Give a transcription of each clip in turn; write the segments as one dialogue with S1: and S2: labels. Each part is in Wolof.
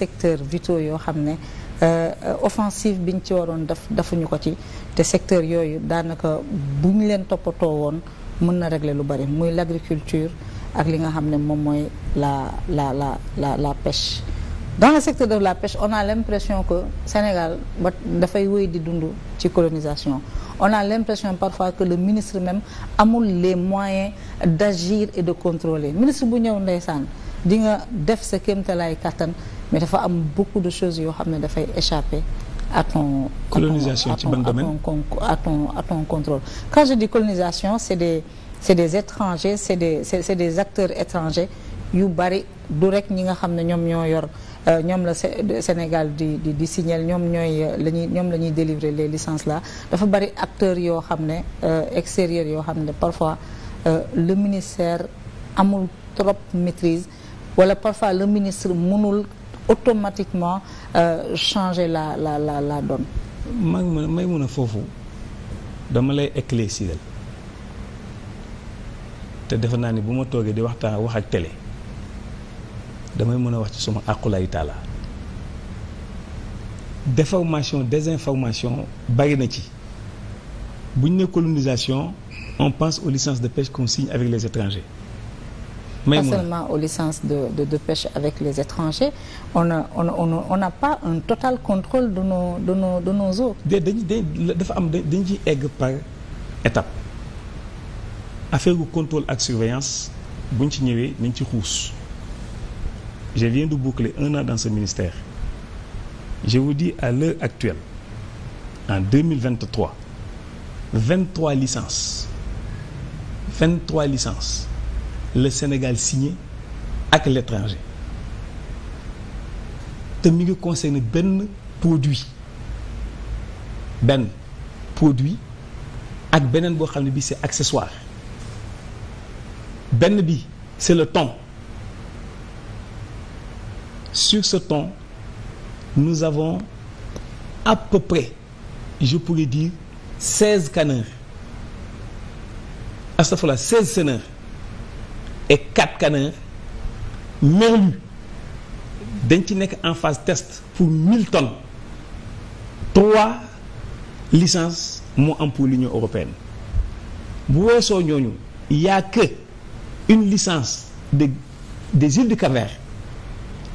S1: secteur vitaux yoo xam ne euh, offensive bi ñu ci waroon def defuñu ko ci te secteur yooyu daanaka bu ñu leen toppatoo woon mën na régler lu bari muy l'agriculture ak li nga xam ne moom mooy la la la la la pêche dans le secteur de la pêche on a l'impression que Sénégal ba dafay wéy di dund ci colonisation on a l'impression parfois que le ministre même amul les moyens d'agir et de contrôler ministre bu ñëw ndeysaan di nga def sa kéemtalaay kàttan mais dafa am beaucoup de choses yoo xam ne dafay échapper a ton
S2: colonisation ci ban domaine
S1: à ton à ton contrôle quand je dis colonisation c'est des c'est des étrangers c'est des c'est, des acteurs étrangers yu bari du rek ñi nga xam ne ñoom ñoo yor euh, ñoom la Sénégal di di signal ñoom ñooy euh, la ñuy ñoom la ñuy délivrer les licences là dafa bari acteurs yoo xam ne euh, extérieurs yoo xam ne parfois le ministère amul trop maîtrise wala parfois le ministre mënul automatiquement euh, changer la la la la donne. maa ngi may mun a foofu
S2: dama lay éclaircir te defe naa ni bu ma toogee di waxtaan wax ak télé damay mën a wax ci suma àqulaay taala déformation désinformation bari na ci bu ñu ne colonisation on pense aux licences de pêche qu'on signe avec les étrangers
S1: pas seulement aux licences de, de, de, pêche avec les étrangers, on n'a on, on, on a pas un total contrôle de nos, de nos, de nos eaux. dafa am
S2: dañ ciy egg par étape affaire u contrôle ak surveillance buñ ci ñëwee nañ ci xuus je viens de boucler un an dans ce ministère je vous dis à l'heure actuelle en 2023 23 licences 23 licences le Sénégal signé ak l' étranger te mu ngi concerné benn produit benn produit ak beneen boo xam ne bi c' est accessoire benn bi c' est le thon sur ce thon nous avons à peu près je pourrais dire seize canneurs astafurlah seize senneurs et quatre canins merlu dañ ci nekk en phase test pour mille ton trois licences moo am pour l'Union européenne bu weesoo ñooñu y a que une licence de des îles de Cap-Vert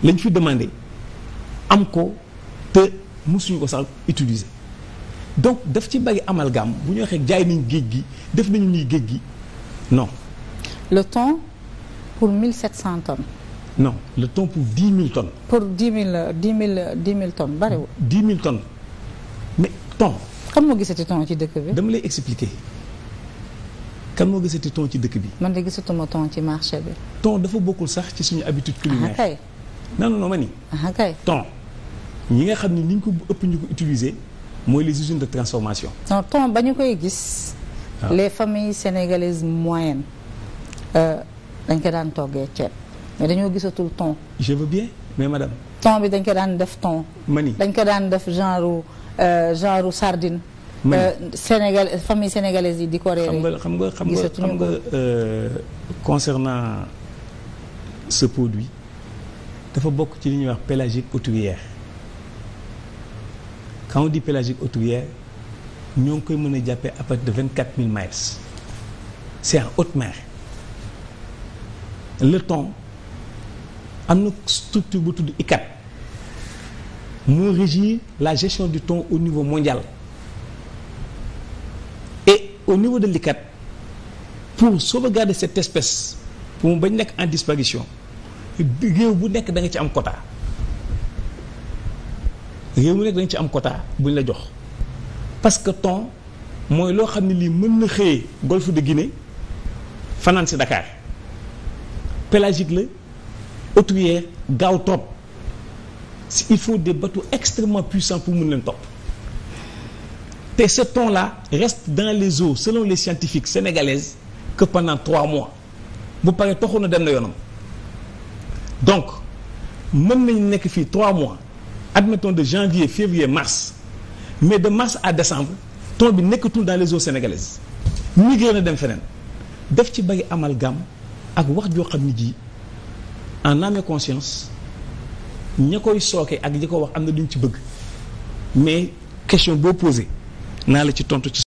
S2: lañ fi demandé am ko te mosuñu ko sax utiliser donc daf ci bari amalgame bu ñu waxee jaay nañ géej gi def nañu ñuy géej gi non.
S1: pour 1700 tonnes.
S2: non le ton pour 10 000 tonnes.
S1: pour 10 000 10 000 10 000 tonnes bariwul. 10 000 ton mais ton. kan moo gisati ton
S2: ci dëkk bi. dama lay expliquer kan moo gisati ton ci dëkk bi.
S1: man de gisatuma ton ci marché bi.
S2: ton dafa bokkul sax ci suñu habitude culinaire. kay non non ma ni. ton ñi nga xam ne ni ñu ko ëpp ñu ko utiliser mooy les usines de transformation.
S1: non ton ba ñu koy gis. Ah. les familles sénégalaises moyennes. Euh, dañ ko daan toggee ceeb mais dañoo gisatul ton.
S2: je veux bien mais madame.
S1: ton bi dañ ko daan def ton. mani dañ ko daan def genre euh, genre sardine. Euh, Sénégal famille sénégalaise yi di ko réeré. xam nga xam nga xam nga
S2: euh, concernant ce dafa bokk ci li ñuy wax pélagique hauturière quand di dit pélagique hauturière ñoo ngi koy mën a jàppee à de vingt quatre mille miles c' est mer. le temps am na structure bu tudd ICCAT moo régir la gestion du thon au niveau mondial et au niveau de l'ICCAT pour sauvegarder cette espèce pour mu bañ nekk en disparition réew bu nekk da nga ci am quota réew bu nekk da ci am quota buñ la jox parce que thon mooy loo xam ne lii mën na xëyee golfe de Guinée fanaan si Dakar pélagique la hauturière gaaw trop il faut des bateaux extrêmement puissants pour mun leen topp te ce thon-là reste dans les eaux selon les scientifiques sénégalaises que pendant trois mois bu paree toxu na dem na yoonam donc mën nañu nekk fii trois mois admettons de janvier février mars mais de mars à décembre thon bi nekkatul dans les eaux sénégalaises migré na dem feneen def ci bëri amalgame ak wax joo xam ne ji en âme et conscience ña koy sooke ak ñi ko wax am na duñ ci bëgg mais question boo posé naa la ci tontu ci.